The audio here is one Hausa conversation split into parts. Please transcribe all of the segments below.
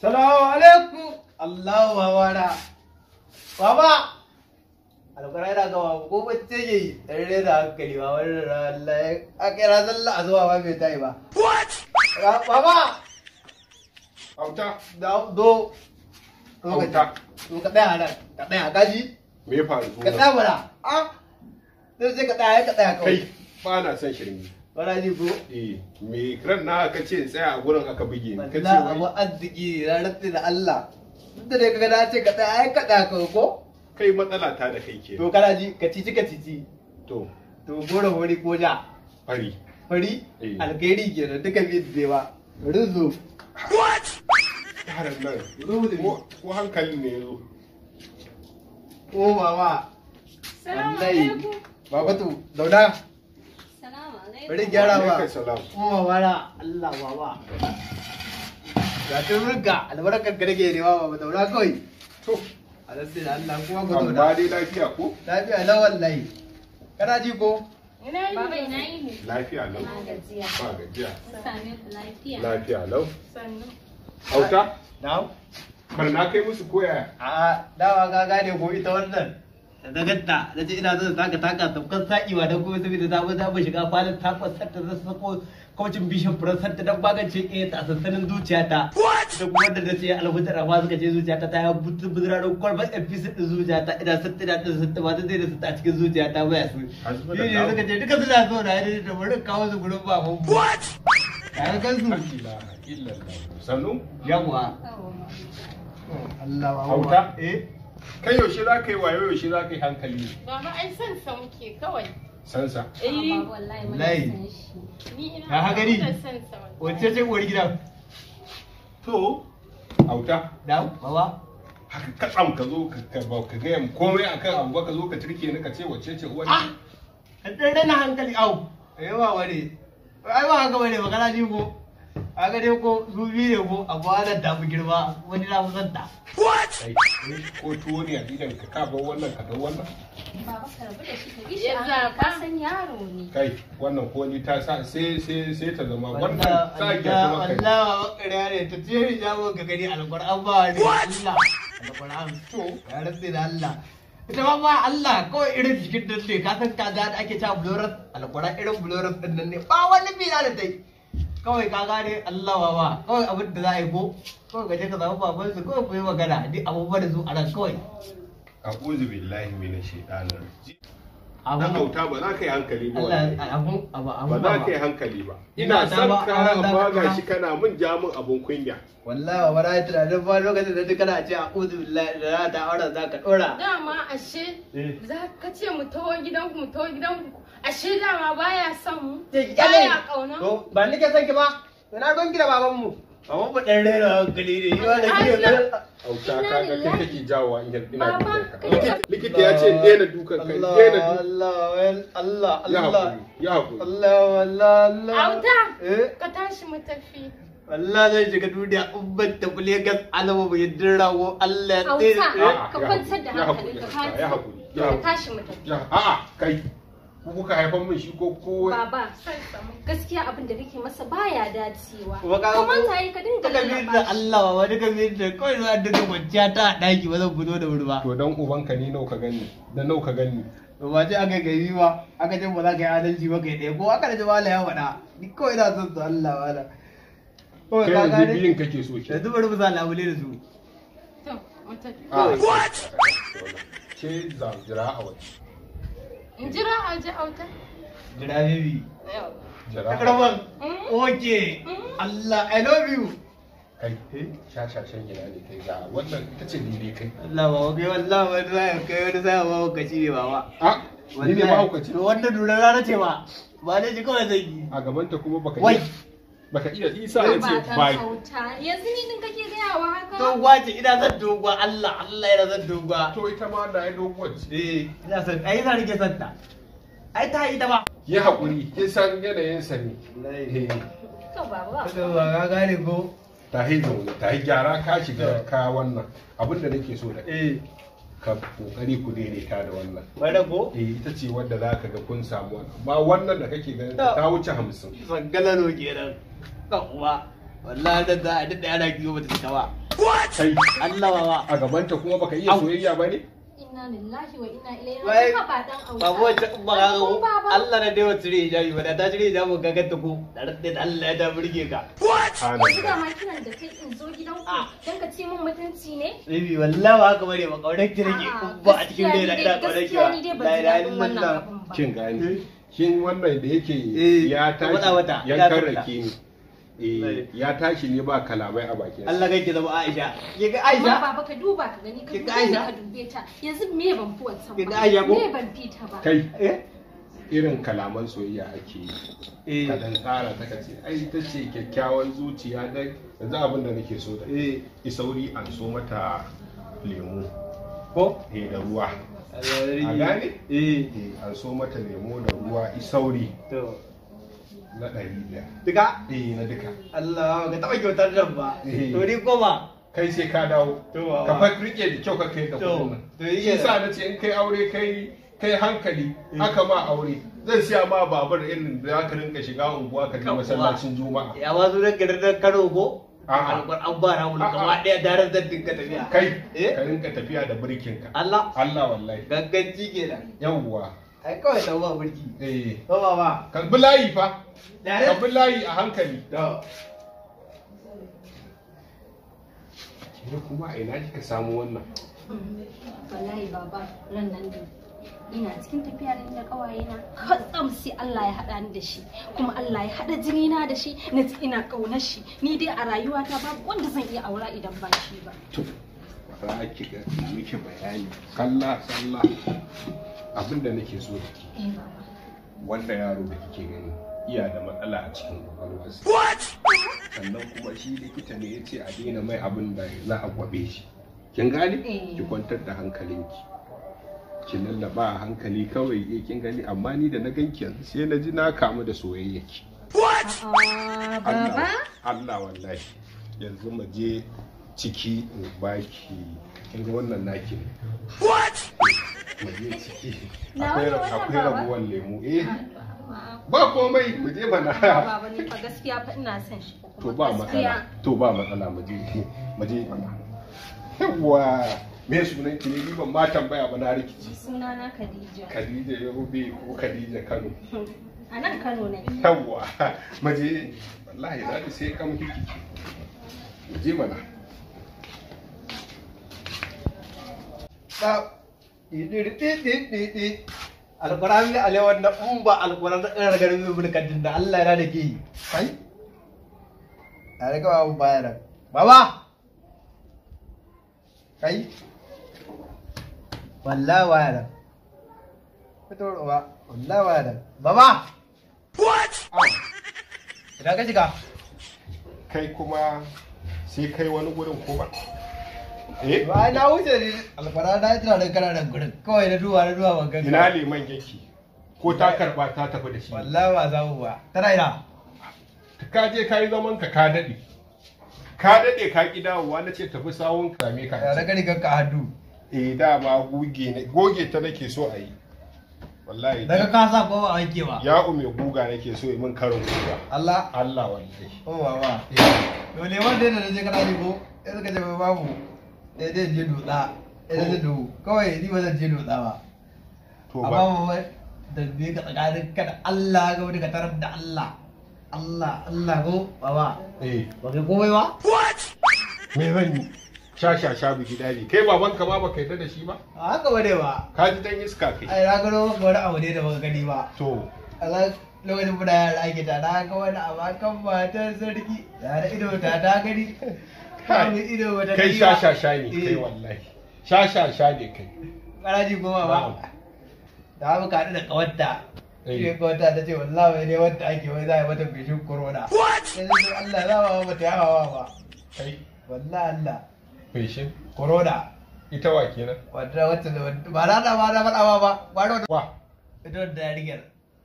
salamu alaikum allahu wawara baba alkwara yana gaba ko bacce ke yi ɗarre da hankali ba wani Allah ya kira zalla a zuwa ba mai tayi ba baba auta da do auta to ka a nan ka tsaya gaji me ya faru ka tsaya mana a ah! sai ka tsaya ka tsaya kawai kai ba na son shirme Faraji ko? E, me ran na ka ce tsaya a gurin aka buge ni. Wallahi abu arziki ranar da Allah. Duk da kaga na ce ka tsaya ai kada ka ko? Kai matsala ta da kai ke. To kana ji ka cici ka cici. To. To goro hori ko ja. Fari. Fari? E. ke da duka bi da ba. Rizu. What? Ko hankalin ne yazo. Ko baba. Wallahi. Baba to, zauna. bari kuma ga riga albarkar ka rage ne baba daura kawai to da Allah lafiya ko lafiya ji ko yi Lafiya lau. lafiya. Lafiya lau. Sannu. Hauta? Na'am. Barna kai musu koya. A'a, dawa ka gane ko ita wannan. na ganta na ce ina zan taka taka sabkan sa'iwa don kuma saboda za mu za mu shiga falin takwas sarta zan sako kocin bishin furan sarta don magance ƙeta a sansanin zuciyata da kuma da na ce alhutar amma suka ce zuciyata ta yi butu buzurarin kwalbar fpc ɗin zuciyata ina sarta da ɗin sarta ba zai da sarta a cikin zuciyata ba ya su shi ne suka ce duka suna so na yi da bari kawo su gurin baban what kayan kansu sannu yawwa oh, Allah wa hauta eh kai yaushe za ka yi wayo yaushe za ka yi hankali baba ai san sa ke kawai san sa eh wallahi ni ina ha gari wace ce uwar gida to auta da baba haka ka tsam ka zo ka ba ka ga komai akan abu ba ka zo ka turke ni ka ce wace ce uwar ah dan na hankali au yawa ware ai ba haka bane magana ji ko kaga dai ko su biyu ne ko a gwanar da mu girma wani na kusan ta what ko tuwo ne a gidan ka ka bar wannan ka ga wannan baba ka rabu da shi ka gishi a ka san yaro ne kai wannan ko ni ta sa sai sai sai ta zama wannan sa ya zama kai Allah wa bakariya ne ta ce ni jawo ga gari alquran ba ne Allah alquran to ya rantsi da Allah ita ma ba Allah kawai irin jikin dalle ka san ka da ake ta blorat alquran irin blorat din nan ne ba wani bila da dai kawai ka gane Allah baba kawai abin da za a yi ko kawai gaje ka zama baban su kawai ku yi magana duk abubuwa da su a nan kawai a'udhu billahi minash shaitanir na auta ba za ka yi hankali ba ba za ka yi hankali ba ina son ka amma shi kana mun ja mun abun kunya wallahi ba ra tunanin ba lokacin da kana ce a'udhu billahi da ta aure za ka dora dama ashe eh. za ka ce mu tawo gidanku mu tawo gidanku ashe dama baya son mu baya kauna to ba nake son ki ba ina ruwan gida baban mu amma ba dan rera hankali ne yi wani gidan auta ka ga kai kake jawo in ina likita ya ce dena dukan kai daina Allah Allah Allah ya hakuri Allah Allah Allah auta eh? ka tashi mu tafi Allah zai shiga duniya in ban tafi Legas alama bai yadda rawo Allah ya tsere. ka da ka tashi mu tafi. A'a kai ku kuka haifan min shi ko ko baba gaskiya abin da kake masa baya dacewa kuma ta yi ka dinga lalaba da Allah wani duka min da kawai zuwa duka kwanciya ta a daki ba zan fito da wuri ba to dan uban ka ne nau ka gani da nau ka gani ba ce aka gari ba aka ce ba za ka yi adalci ba kai ɗaya ko aka da jama'a ya faɗa ni kawai na son su Allah wala kai yanzu biyun kake so ke yanzu bari mu za labule da su to mu tafi ah. what ce zanzira a waje in jira a ji auta jira baby takarman oke Allah I love you kai he shashashen gida ne kai za wannan ita ce ni kai Allah ba kai wallahi wani zai kai wani zai ba ka ci ne wa. a ni ne ba ka ci wanda durar rana ce ba ba ne ji kawai zai yi a gaban ta kuma baka yi baka iya isa ya ce bai yanzu ni din kake gaya wa haka to waje ina zan dogwa Allah Allah ina zan dogwa to ita ma da ai dogwa ce eh ina san ai zan rike santa ta ai ta ita ba ya hakuri kin san yanayin sa ne eh. to baba ga gane ko ta hi ta hi gyara ka shiga ka wannan abinda nake so da eh ka kokari ku daidaita da wannan ko eh ita ce wadda za ka ga kun samu wannan amma wannan da kake ganin ta wuce hamsin no geran kan uwa wallahi da za a daɗa yana biyo bata ta wa Allah baba a gaban ta kuma baka iya soyayya ba ne inna lillahi wa inna ilaihi raji'un ba dan aure babu wacce umma ga Allah na dai wacce ri hijabi ba da ta jira hijabi ga ga tuku da radda Allah ya ta burge ka yanzu ga makinan da kai in zo gidan ku ah. dan ka ce min mutunci ne bibi wallahi ba haka bare ba kaunar ki rage ba a cikin dai da kaunar ki ba da ilahin wannan kin gani kin wannan da yake eh, ya ta yankan rake Eh, ya tashi ne ba kalamai a bakin Allah kai ki zama Aisha ki ga Aisha ba baba ka duba ka gani ka duba ka dube ta yanzu me ban fi wancan ba Aisha ko me ban fi ta ba kai eh? irin kalaman soyayya ake yi eh. ka dan tsara ta kace ai ta ce kyakkyawan zuciya dai yanzu abin da nake so da ki sauri an so mata lemu ko eh da ruwa a gani eh an so mata lemu da ruwa isauri to na ɗari ɗaya duka eh na duka Allah ka taɓa kyautar nan ba eh. to ni koma kai sai ka dawo ka fa rike da kyau ka kai da kuɗin shi sa na ce in kai aure kai kai hankali eh. aka ma aure zan siya ma babur irin da aka rinka shiga unguwa ka kai masallacin juma'a ya ma zo da gidan Kano ko alƙur'an ba rawul gaba ɗaya daren zan dinka tafiya kai eh? ka rinka tafiya da birkinka Allah Allah wallahi ganganci kenan yawwa ai kawai ta eh. ba burki eh to baba kan bi layi fa kan bi layi a hankali to ne kuma a ina kika samu wannan wallahi baba ran nan da ina cikin tafiya ne da kawaye na kwatsam sai Allah ya haɗa ni da shi kuma Allah ya haɗa jini na da shi na ina kaunar shi ni dai a rayuwata babu wanda zan iya aura idan ba shi ba za ki ga miki bayani kalla kalla abinda nake so da eh, ke wanda yaro da kike gani iya da matsala a cikin kwakwalwarsa sannan kuma shi likita ne ya ce a daina mai abin da za a gwabe shi kin gane eh. ki kwantar da hankalinki ki lallaba a hankali kawai ya eh, kin gani amma ni da na ganki yanzu sai na ji na kamu da soyayyaki What? Ah, Allah wallahi yanzu mu je ciki in baki kin ga wannan naki ne what muje ciki akwai rabuwan lemu eh ah, ba komai mu je bana ba ni fa gaskiya fa ina son shi to ba matsala to ba matsala mu je mu je bana yawa me sunan ki ne ban ma tambaya ba na rikici na Khadija Khadija Yobe ko Khadija Kano a nan Kano ne yawa mu je wallahi za ki sai kam kiki mu je mana ɗiɗiɗiɗiɗiɗi alƙur'ani ne alewar na in ba alƙur'ani ɗin ragarin mai bulkatin da Allah yana da ke yi kai a rika babu bayanan baba kai wallahi bayanan fito ruwa wallahi bayanan baba what ina ah. ka shiga kai kuma sai kai wani gurin ko ba eh? na wuce ne alfara na tana da kana da gurin kawai na duwa na duwa ban ina liman yake ko ta karba ta tafi da shi wallahi ba za mu ba tana ina ka je ka yi zaman ka ka dade ka dade ka ki dawowa na ce tafi sawun ka me ka ya gani ganka hadu eh ba goge ne goge ta nake so a yi wallahi daga ka sa ko ba wanke ba ya ume guga nake so min karin guga Allah Allah wallahi oh wa wa eh. to ne wanda da je kana ko sai ka je babu sai zai je dotsa idan zai dogo kawai ni ba zan je dotsa ba amma ba wai da zai ka tsakanin ka da Allah ga wani ka tarar da Allah Allah Allah ko baba ba kai komai ba me zan yi sha sha sha biki dali kai baban ka ba ba kai da shi ba a haka ba dai ba ka ji dan iska kai ai na gano maka wani abu ne da baka gani ba to lokacin muna yara ake ta na ga wani abakan matar sarki da ido ta ta gani kame ido wata kai sha sha sha ne kai eh. wallahi sha sha sha ne kai ƙaraji goma ba da haka ka da kawarta eh. shi kawarta ta ce wallahi ne wanda ake wai za a yi mata bishin corona yanzu don Allah za ma mata yawa wa ba kai wallahi Allah Feshin? corona ita wa kenan wadda wacce da ba na da ba na faɗa ba ba da wa ita wadda yarinyar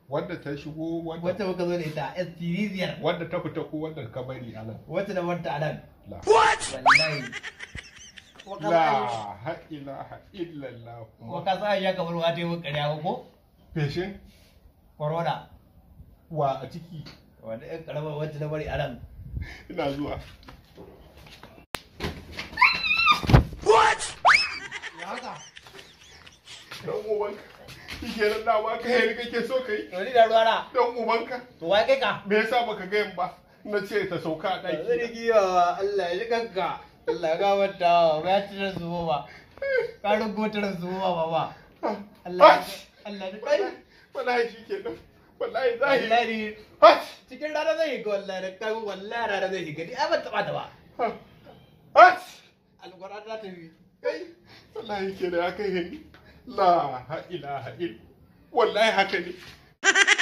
wanda ta shigo wanda wacce muka zo da ita STD wadda ta fita ko wanda ka bari a nan wacce da wanta a nan la wallahi sa ya kamar wa dai ƙarya ko feshin corona wa a ciki ina zuwa what dan ubanka kike nan dama kai ne kake so kai to ni da ruwana dan ubanka to wa kai ka me yasa baka ga yin ba na ce ta sauka a ɗaki zargi yawa Allah ya ji kanka Allah ya gabata ba ya ci da zuwa ba ka rubuta da zuwa ba ba Allah Allah ya kai wallahi shi ke nan wallahi zahiri wallahi cikin rana zai shiga wallahi da kai wallahi rana zai shiga ni ai ban taba ta ba alquran za ta yi kai wallahi ke da ya kai la ilaha illa wallahi haka ne